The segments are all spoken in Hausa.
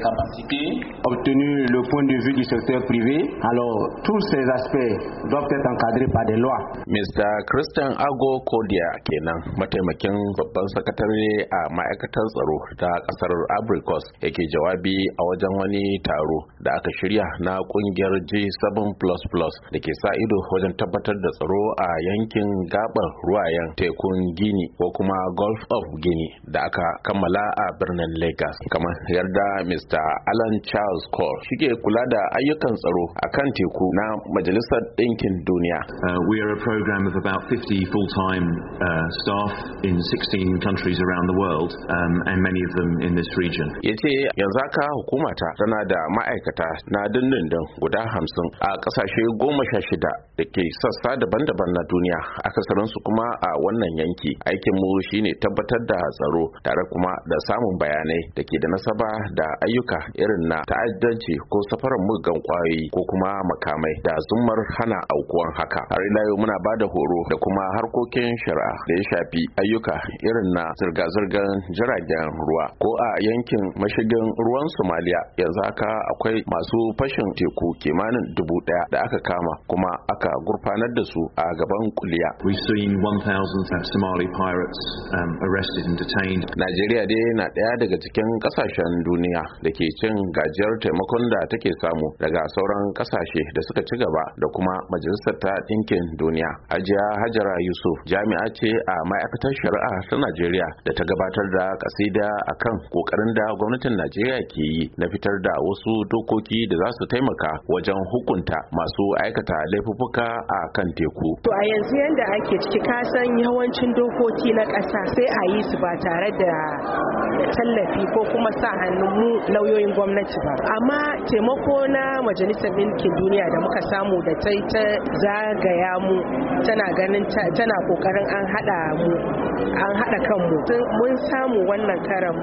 capacités. Obtenu le point de vue du secteur privé, alors tous ces aspects doivent être encadrés par des lois. Mr. Christian Ago Kodia kenan mataimakin babban sakatare a ma'aikatar tsaro ta Abrikos Abricos yake jawabi a wajen wani taro da aka shirya na ƙungiyar G7++ da ke sa ido wajen tabbatar da tsaro a yankin gabar ruwayen tekun Gini ko kuma Gulf of Guinea da aka kammala a birnin Lagos kamar yarda Mr. Mr. Alan Charles Cole shige kula da ayyukan tsaro a kan teku na Majalisar Ɗinkin Duniya. Uh, we are a program of about 50 full-time uh, staff in 16 countries around the world um, and many of them in this region. Ya ce yanzu haka ta tana da ma'aikata na dindindin guda hamsin a ƙasashe goma sha shida da ke sassa daban-daban na duniya akasarinsu kuma a wannan yanki aikin mu shine tabbatar da tsaro tare kuma da samun bayanai da ke da nasaba da ayyukan ayyuka irin na ta'addanci ko safaran muggan kwayoyi ko kuma makamai da zummar hana aukuwan haka har ila yau muna ba da horo da kuma harkokin shari'a da ya shafi ayyuka irin na zirga-zirgar jiragen ruwa ko a yankin mashigin ruwan somaliya yanzu haka akwai masu fashin teku kimanin dubu daya da aka kama kuma aka gurfanar da su a gaban kuliya um, Najeriya dai na ɗaya daga cikin ƙasashen duniya da ke cin gajiyar taimakon da take samu daga sauran kasashe da suka ci gaba da kuma majalisar ta ɗinkin duniya ajiya hajara yusuf jami'a ce a ma'aikatar shari'a ta najeriya da ta gabatar da kasida akan kokarin da gwamnatin najeriya ke yi na fitar da wasu dokoki da za su taimaka wajen hukunta masu aikata laifuffuka a kan teku to a yanzu yanda ake ciki kasan yawancin dokoki na ƙasa sai a yi su ba tare da tallafi ko kuma sa hannun mu lauyoyin gwamnati ba amma taimako na majalisar ɗinkin duniya da muka samu da ta ta zagaya mu tana ganin tana kokarin an hada mu an hada kanmu mun samu wannan karan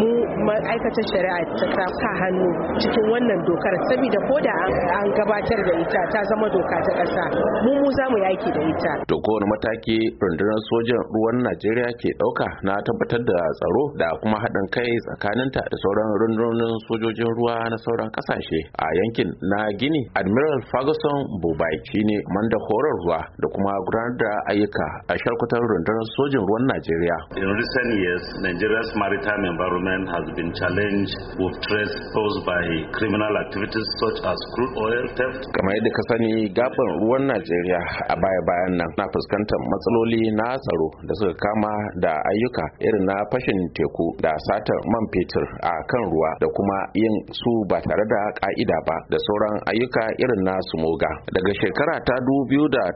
mu aikata shari'a ta sa hannu cikin wannan dokar saboda ko da an gabatar da ita ta zama doka ta ƙasa mu mu za mu yaki da ita. To kowane mataki rundunar sojan ruwan Najeriya ke ɗauka na tabbatar da tsaro da kuma haɗin kai tsakanin ta da sauran rundunonin sojojin ruwa na sauran ƙasashe a yankin na Gini Admiral Ferguson Bubai shine manda horarwa da kuma gudanar da ayyuka a sharkutar rundunar sojin ruwan Najeriya. In recent years, Nigeria's maritime environment has been been challenged with threats posed by criminal activities such as crude oil theft. Kamar yadda ka sani gaban ruwan Najeriya a baya-bayan nan na fuskantar matsaloli na tsaro da suka kama da ayyuka irin na fashin teku da satar man fetur a kan ruwa da kuma yin su ba tare da ka'ida ba da sauran ayyuka irin na sumoga. Daga shekara ta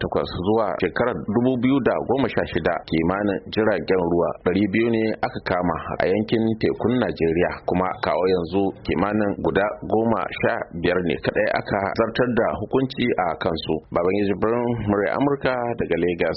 takwas zuwa shekarar goma sha shida kimanin jiragen ruwa biyu ne aka kama a yankin tekun Najeriya. najeriya kuma kawo yanzu kimanin guda goma sha biyar ne kadai aka zartar da hukunci a kansu Babban baban birnin murai amurka daga Legas.